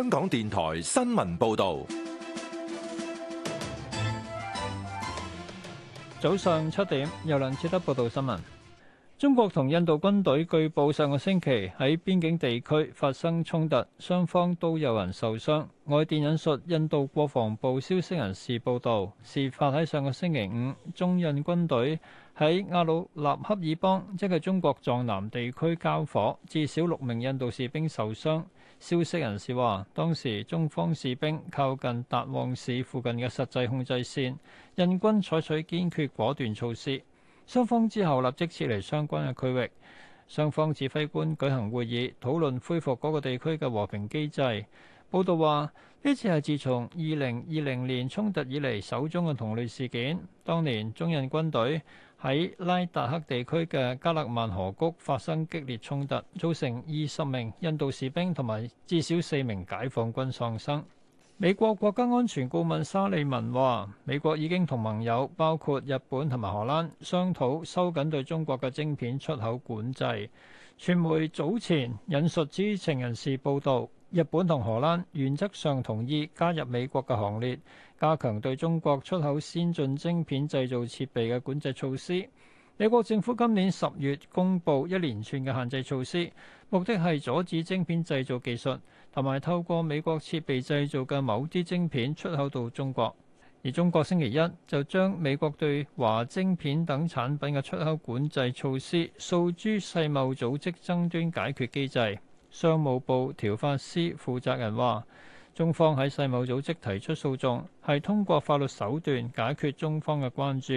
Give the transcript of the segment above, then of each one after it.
香港電台新聞報道，早上七點，由梁志德報道新聞。中國同印度軍隊據報上個星期喺邊境地區發生衝突，雙方都有人受傷。外電引述印度國防部消息人士報道，事發喺上個星期五，中印軍隊喺阿魯納恰爾邦即係中國藏南地區交火，至少六名印度士兵受傷。消息人士話，當時中方士兵靠近達旺市附近嘅實際控制線，印軍採取堅決果斷措施。雙方之後立即撤離相關嘅區域，雙方指揮官舉行會議，討論恢復嗰個地區嘅和平機制。報導話，呢次係自從二零二零年衝突以嚟首宗嘅同類事件。當年中印軍隊喺拉達克地區嘅加勒萬河谷發生激烈衝突，造成二十名印度士兵同埋至少四名解放軍喪生。美國國家安全顧問沙利文話：美國已經同盟友，包括日本同埋荷蘭，商討收緊對中國嘅晶片出口管制。傳媒早前引述知情人士報道。日本同荷蘭原則上同意加入美國嘅行列，加強對中國出口先進晶片製造設備嘅管制措施。美國政府今年十月公布一連串嘅限制措施，目的係阻止晶片製造技術同埋透過美國設備製造嘅某啲晶片出口到中國。而中國星期一就將美國對華晶片等產品嘅出口管制措施訴諸世貿組織爭端解決機制。商務部條法司負責人話，中方喺世貿組織提出訴訟，係通過法律手段解決中方嘅關注，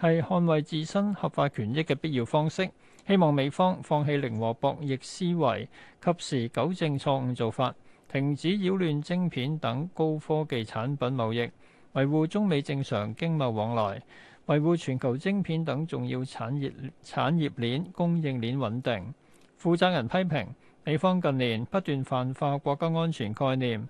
係捍衞自身合法權益嘅必要方式。希望美方放棄零和博弈思維，及時糾正錯誤做法，停止擾亂晶片等高科技產品貿易，維護中美正常經貿往來，維護全球晶片等重要產業產業鏈供應鏈穩定。負責人批評。美方近年不斷泛化國家安全概念，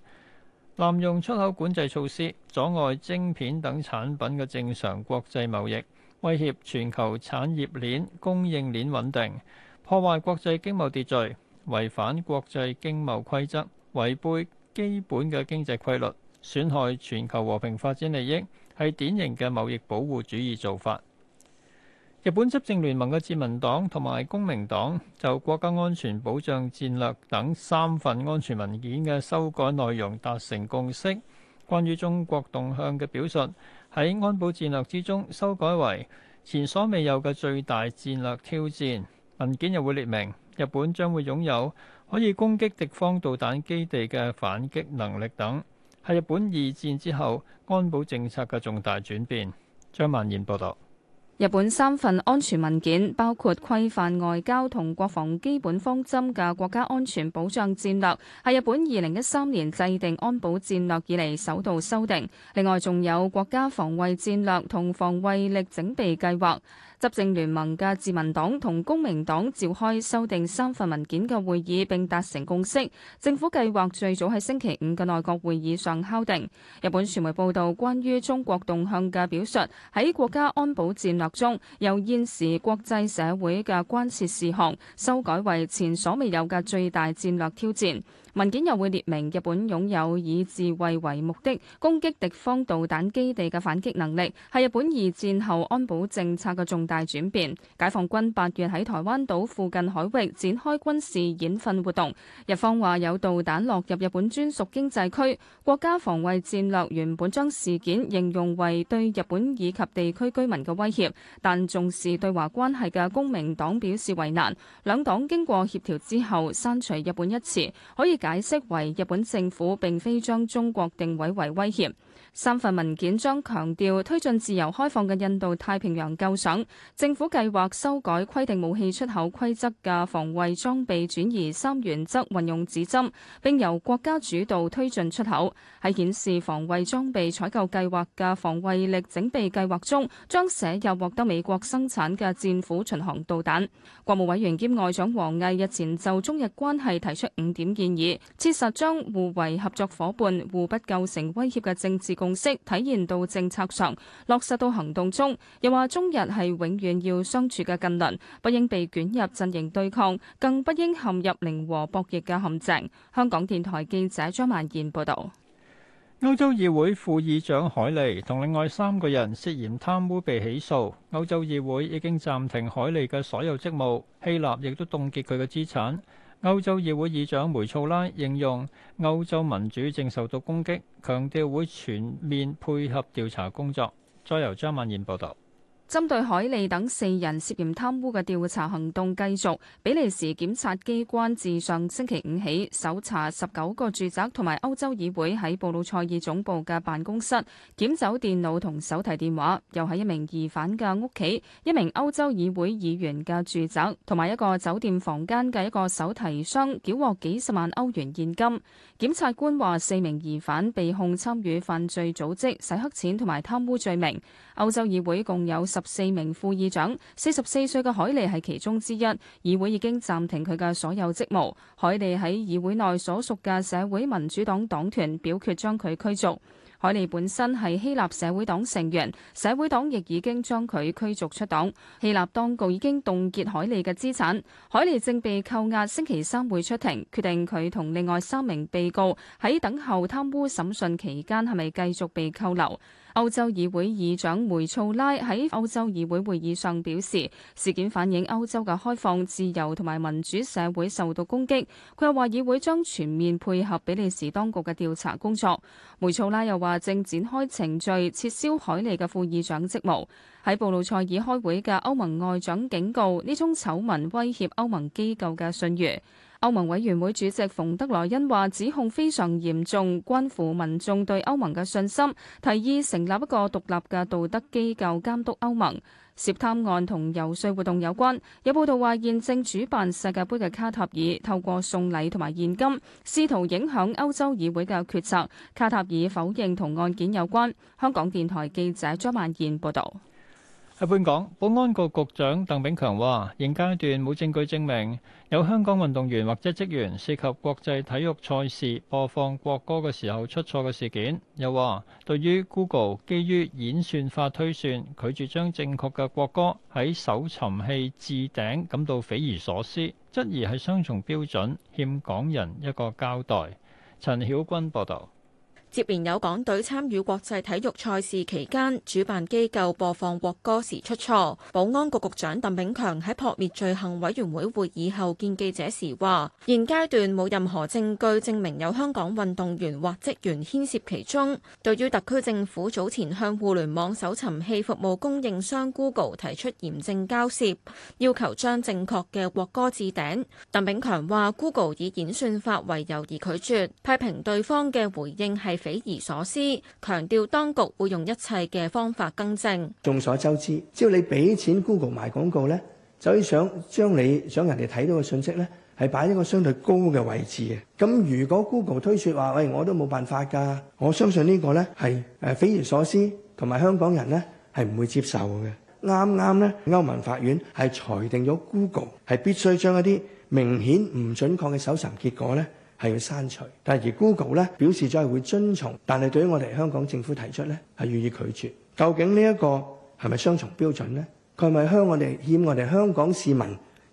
濫用出口管制措施，阻礙晶片等產品嘅正常國際貿易，威脅全球產業鏈、供應鏈穩定，破壞國際經貿秩序，違反國際經貿規則，違背基本嘅經濟規律，損害全球和平發展利益，係典型嘅貿易保護主義做法。日本執政聯盟嘅自民黨同埋公明黨就國家安全保障戰略等三份安全文件嘅修改內容達成共識，關於中國動向嘅表述喺安保戰略之中修改為前所未有嘅最大戰略挑戰。文件又會列明日本將會擁有可以攻擊敵方導彈基地嘅反擊能力等，係日本二戰之後安保政策嘅重大轉變。張萬燕報導。日本三份安全文件，包括規範外交同國防基本方針嘅國家安全保障戰略，係日本二零一三年制定安保戰略以嚟首度修訂。另外，仲有國家防衛戰略同防衛力整備計劃。執政聯盟嘅自民黨同公明黨，召開修訂三份文件嘅會議並達成共識，政府計劃最早喺星期五嘅內閣會議上敲定。日本傳媒報道關於中國動向嘅表述，喺國家安保戰略中，由現時國際社會嘅關切事項，修改為前所未有嘅最大戰略挑戰。文件又會列明日本擁有以自衛為目的攻擊敵方導彈基地嘅反擊能力，係日本二戰後安保政策嘅重大轉變。解放軍八月喺台灣島附近海域展開軍事演訓活動，日方話有導彈落入日本專屬經濟區。國家防衛戰略原本將事件形容為對日本以及地區居民嘅威脅，但重視對華關係嘅公明黨表示為難。兩黨經過協調之後刪除日本一詞，可以，解釋為日本政府並非將中國定位為威脅。三份文件將強調推進自由開放嘅印度太平洋構想。政府計劃修改規定武器出口規則嘅防衛裝備轉移三原則，運用指針並由國家主導推進出口，喺顯示防衛裝備採購計劃嘅防衛力整備計劃中，將寫入獲得美國生產嘅戰斧巡航導彈。國務委員兼外長王毅日前就中日關係提出五點建議。切實將互為合作夥伴、互不構成威脅嘅政治共識體現到政策上，落實到行動中。又話中日係永遠要相處嘅近鄰，不應被捲入陣營對抗，更不應陷入零和博弈嘅陷阱。香港電台記者張曼燕報道。歐洲議會副議長海利同另外三個人涉嫌貪污被起訴，歐洲議會已經暫停海利嘅所有職務，希臘亦都凍結佢嘅資產。歐洲議會議長梅素拉形容歐洲民主正受到攻擊，強調會全面配合調查工作。再由張曼燕報道。針對海利等四人涉嫌貪污嘅調查行動繼續，比利時檢察機關自上星期五起搜查十九個住宅同埋歐洲議會喺布魯塞爾總部嘅辦公室，檢走電腦同手提電話，又喺一名疑犯嘅屋企、一名歐洲議會議員嘅住宅同埋一個酒店房間嘅一個手提箱，繳獲幾十萬歐元現金。檢察官話：四名疑犯被控參與犯罪組織、洗黑錢同埋貪污罪名。歐洲議會共有十四名副議長，四十四歲嘅海利係其中之一。議會已經暫停佢嘅所有職務。海利喺議會內所屬嘅社會民主黨黨團表決將佢驅逐。海利本身係希臘社會黨成員，社會黨亦已經將佢驅逐出黨。希臘當局已經凍結海利嘅資產。海利正被扣押，星期三會出庭，決定佢同另外三名被告喺等候貪污審訊期間係咪繼續被扣留。歐洲議會議長梅措拉喺歐洲議會會議上表示，事件反映歐洲嘅開放、自由同埋民主社會受到攻擊。佢又話，議會將全面配合比利時當局嘅調查工作。梅措拉又話，正展開程序撤銷海利嘅副議長職務。喺布魯塞爾開會嘅歐盟外長警告，呢宗醜聞威脅歐盟機構嘅信譽。歐盟委員會主席馮德萊恩話，指控非常嚴重，關乎民眾對歐盟的信心，提議成立一個獨立的道德機構監督歐盟。涉貪案同遊說活動有關，有報道話現正主辦世界杯的卡塔爾透過送禮同埋現金，試圖影響歐洲議會的決策，試圖影響歐洲議會的決策,卡塔爾否認同案件有關，香港電台記者張曼燕報道。喺本港，保安局局長鄧炳強話現階段冇證據證明有香港運動員或者職員涉及國際體育賽事播放國歌嘅時候出錯嘅事件。又話對於 Google 基於演算法推算拒絕將正確嘅國歌喺搜尋器置頂感到匪夷所思，質疑係雙重標準，欠港人一個交代。陳曉君報道。接連有港隊參與國際體育賽事期間，主辦機構播放國歌時出錯。保安局局長鄧炳強喺撲滅罪行委員會會議後見記者時話：現階段冇任何證據證明有香港運動員或職員牽涉其中。對於特區政府早前向互聯網搜尋器服務供應商 Google 提出嚴正交涉，要求將正確嘅國歌置頂，鄧炳強話 Google 以演算法為由而拒絕，批評對方嘅回應係。匪夷所思，強調當局會用一切嘅方法更正。眾所周知，只要你俾錢係要刪除，但而 Google 咧表示咗係會遵從，但係對於我哋香港政府提出咧係予以拒絕。究竟呢一個係咪雙重標準呢？佢係咪向我哋欠我哋香港市民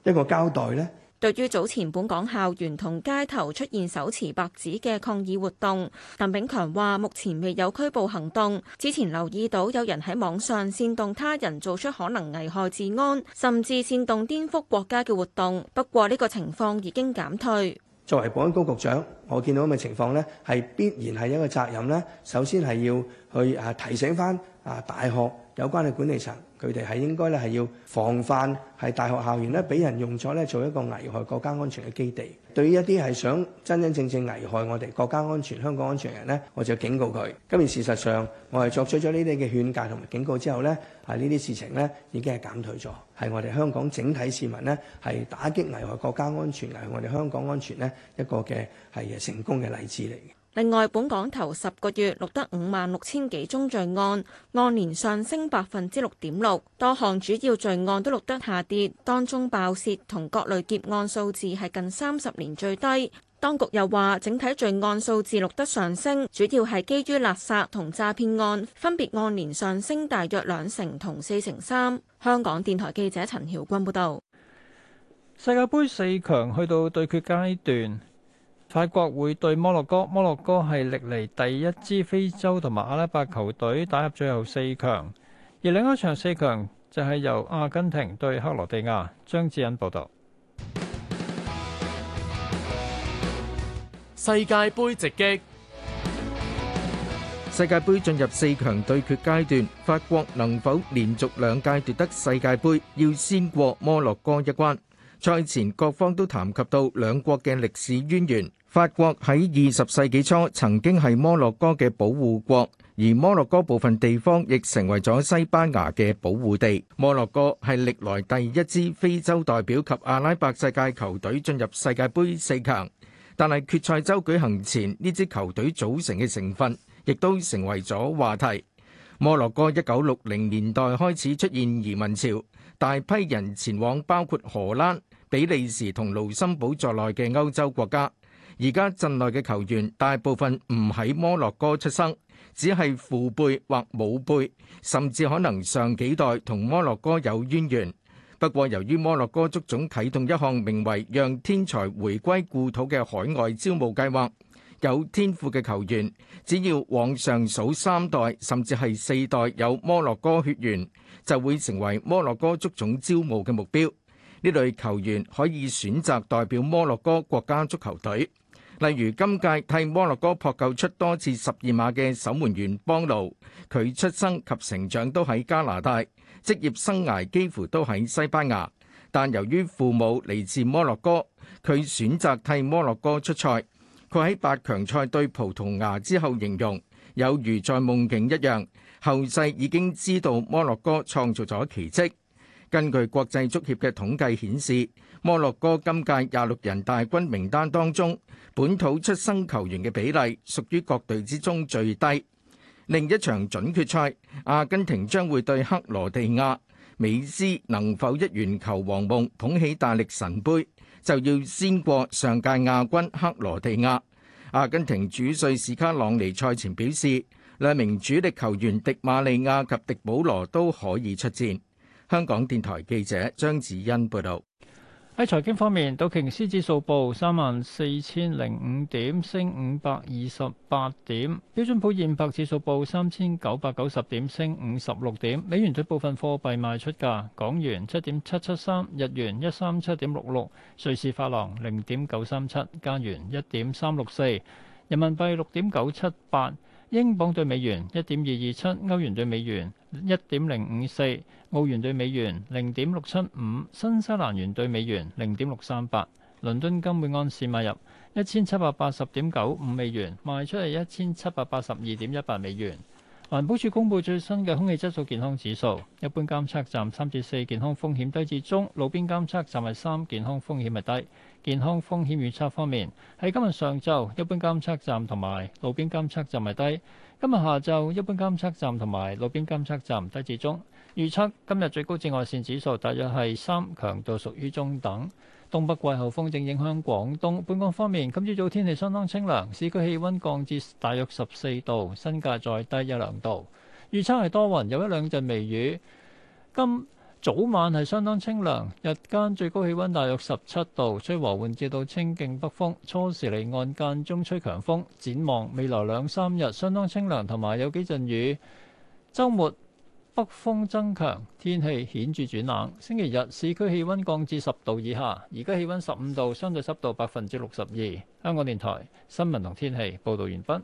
一個交代呢？對於早前本港校園同街頭出現手持白紙嘅抗議活動，鄧炳強話：目前未有拘捕行動。之前留意到有人喺網上煽動他人做出可能危害治安，甚至煽動顛覆國家嘅活動。不過呢個情況已經減退。作為保安高局長，我見到咁嘅情況呢，係必然係一個責任呢，首先係要去啊提醒返啊大學。有關嘅管理層，佢哋係應該咧係要防範，係大學校園咧俾人用咗咧做一個危害國家安全嘅基地。對於一啲係想真真正正危害我哋國家安全、香港安全嘅人咧，我就警告佢。今日事實上，我係作出咗呢啲嘅勸戒同埋警告之後咧，係呢啲事情咧已經係減退咗，係我哋香港整體市民咧係打擊危害國家安全、危害我哋香港安全咧一個嘅係成功嘅例子嚟嘅。另外，本港頭十個月錄得五萬六千幾宗罪案，按年上升百分之六點六。多項主要罪案都錄得下跌，當中爆竊同各類劫案數字係近三十年最低。當局又話，整體罪案數字錄得上升，主要係基於勒索同詐騙案分別按年上升大約兩成同四成三。香港電台記者陳曉君報導。世界盃四強去到對決階段。法國會對摩洛哥，摩洛哥係歷嚟第一支非洲同埋阿拉伯球隊打入最後四強。而另一場四強就係由阿根廷對克羅地亞。張智恩報導。世界盃直擊，世界盃進入四強對決階段，法國能否連續兩屆奪得世界盃，要先過摩洛哥一關。賽前各方都談及到兩國嘅歷史淵源。法國喺二十世紀初曾經係摩洛哥嘅保護國，而摩洛哥部分地方亦成為咗西班牙嘅保護地。摩洛哥係歷來第一支非洲代表及阿拉伯世界球隊進入世界盃四強，但係決賽週舉行前，呢支球隊組成嘅成分亦都成為咗話題。摩洛哥一九六零年代開始出現移民潮，大批人前往包括荷蘭、比利時同盧森堡在內嘅歐洲國家。而家陣內嘅球員大部分唔喺摩洛哥出生，只係父輩或母輩，甚至可能上幾代同摩洛哥有淵源。不過由於摩洛哥足總啟動一項名為「讓天才回歸故土」嘅海外招募計劃，有天賦嘅球員只要往上數三代，甚至係四代有摩洛哥血緣，就會成為摩洛哥足總招募嘅目標，呢類球員可以選擇代表摩洛哥國家足球隊。例如今屆替摩洛哥撲救出多次十二碼嘅守門員邦奴，佢出生及成長都喺加拿大，職業生涯幾乎都喺西班牙。但由於父母嚟自摩洛哥，佢選擇替摩洛哥出賽。佢喺八強賽對葡萄牙之後形容有如在夢境一樣，後世已經知道摩洛哥創造咗奇迹。根據國際足協的統計顯示，摩洛哥今屆廿六人大軍名單當中，本土出生球員的比例屬於各隊之中最低。另一場準決賽，阿根廷將會對克羅地亞，美斯能否一圓球王夢，捧起大力神杯，就要先過上屆亞軍克羅地亞。阿根廷主帥士卡朗尼賽前表示，兩名主力球員迪瑪利亞及迪保羅都可以出戰。香港電台記者張子欣報道：喺財經方面，道瓊斯指數報三萬四千零五點，升五百二十八點；標準普爾五百指數報三千九百九十點，升五十六點。美元兌部分貨幣賣出價：港元七點七七三，日元一三七點六六，瑞士法郎零點九三七，加元一點三六四，人民幣六點九七八。英鎊對美元一點二二七，歐元對美元一點零五四，澳元對美元零點六七五，新西蘭元對美元零點六三八。倫敦金每安士買入一千七百八十點九五美元，賣出係一千七百八十二點一八美元。環保署公布最新嘅空氣質素健康指數，一般監測站三至四健康風險低至中，路邊監測站係三健康風險係低。健康風險預測方面，喺今日上晝，一般監測站同埋路邊監測站係低；今日下晝，一般監測站同埋路邊監測站低至中。預測今日最高紫外線指數大約係三，強度屬於中等。東北季候風正影響廣東。本港方面，今朝早天氣相當清涼，市區氣温降至大約十四度，新界再低一兩度。預測係多雲，有一兩陣微雨。今早晚係相當清涼，日間最高氣温大約十七度，吹和緩至到清勁北風，初時離岸間中吹強風。展望未來兩三日相當清涼，同埋有幾陣雨。週末，北風增強，天氣顯著轉冷。星期日市區氣溫降至十度以下，而家氣溫十五度，相對濕度百分之六十二。香港電台新聞同天氣報導完畢。